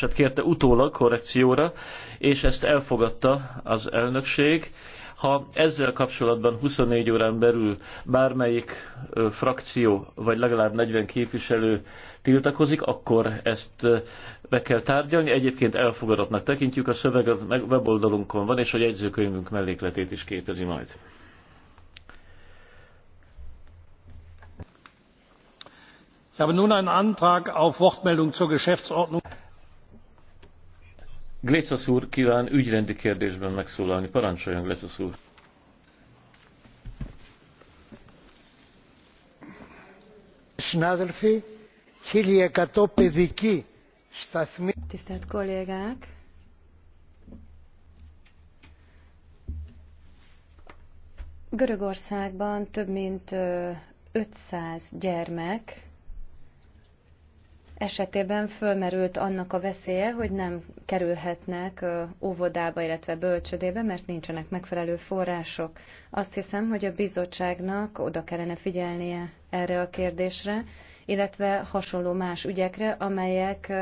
hát kérte utólag korrekcióra, és ezt elfogadta az elnökség. Ha ezzel kapcsolatban 24 órán belül bármelyik frakció, vagy legalább 40 képviselő tiltakozik, akkor ezt be kell tárgyalni. Egyébként elfogadottnak tekintjük, a szöveg a weboldalunkon van, és a jegyzőkönyvünk mellékletét is képezi majd. ich habe nun einen antrag auf wortmeldung zur geschäftsordnung Glécasz úr kíván ügyrendi kérdésben megszólalni. Parancsoljon, Glécasz úr! Συνάδελφοι, Hiliekatopediki, Stathmi. Tisztelt kollégák! Görögországban több mint 500 gyermek esetében fölmerült annak a veszélye, hogy nem kerülhetnek óvodába, illetve bölcsödébe, mert nincsenek megfelelő források. Azt hiszem, hogy a bizottságnak oda kellene figyelnie erre a kérdésre, illetve hasonló más ügyekre, amelyek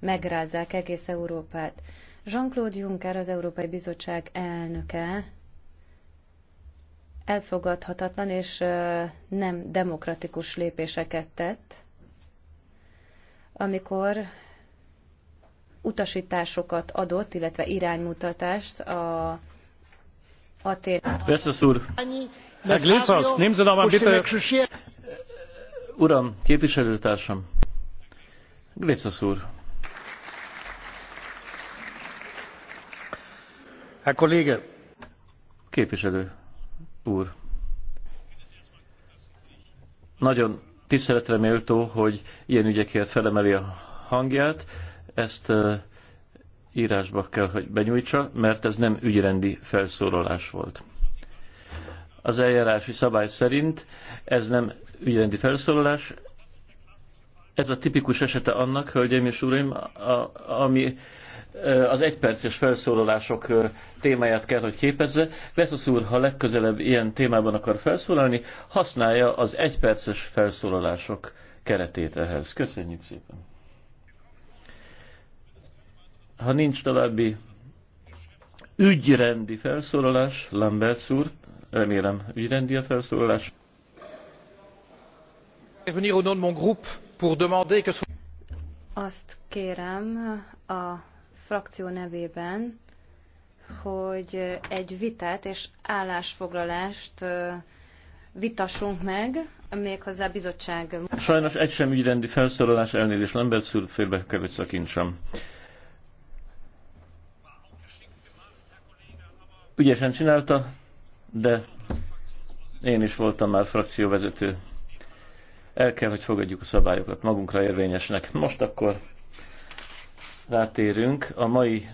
megrázzák egész Európát. Jean-Claude Juncker, az Európai Bizottság elnöke elfogadhatatlan és nem demokratikus lépéseket tett, amikor utasításokat adott, illetve iránymutatást a Atén. Veszesz úr, Herr Glitzos, nehmen Uram, képviselőtársam, Glitzos úr. A Kollege. Képviselő úr. Nagyon tiszteletre méltó, hogy ilyen ügyekért felemeli a hangját. Ezt írásba kell, hogy benyújtsa, mert ez nem ügyrendi felszólalás volt. Az eljárási szabály szerint ez nem ügyrendi felszólalás, ez a tipikus esete annak, hölgyeim és uraim, a, ami az egyperces felszólalások témáját kell, hogy képezze. Veszosz úr, ha legközelebb ilyen témában akar felszólalni, használja az egyperces felszólalások keretét ehhez. Köszönjük szépen! Ha nincs további ügyrendi felszólalás, Lambert úr, remélem ügyrendi a felszólalás. Azt kérem a frakció nevében, hogy egy vitát és állásfoglalást vitassunk meg, méghozzá a bizottság. Sajnos egy sem ügyrendi felszólalás elnézést nem beszül, félbe kell, szakincsem. Ügyesen csinálta, de én is voltam már frakcióvezető. El kell, hogy fogadjuk a szabályokat magunkra érvényesnek. Most akkor rátérünk a mai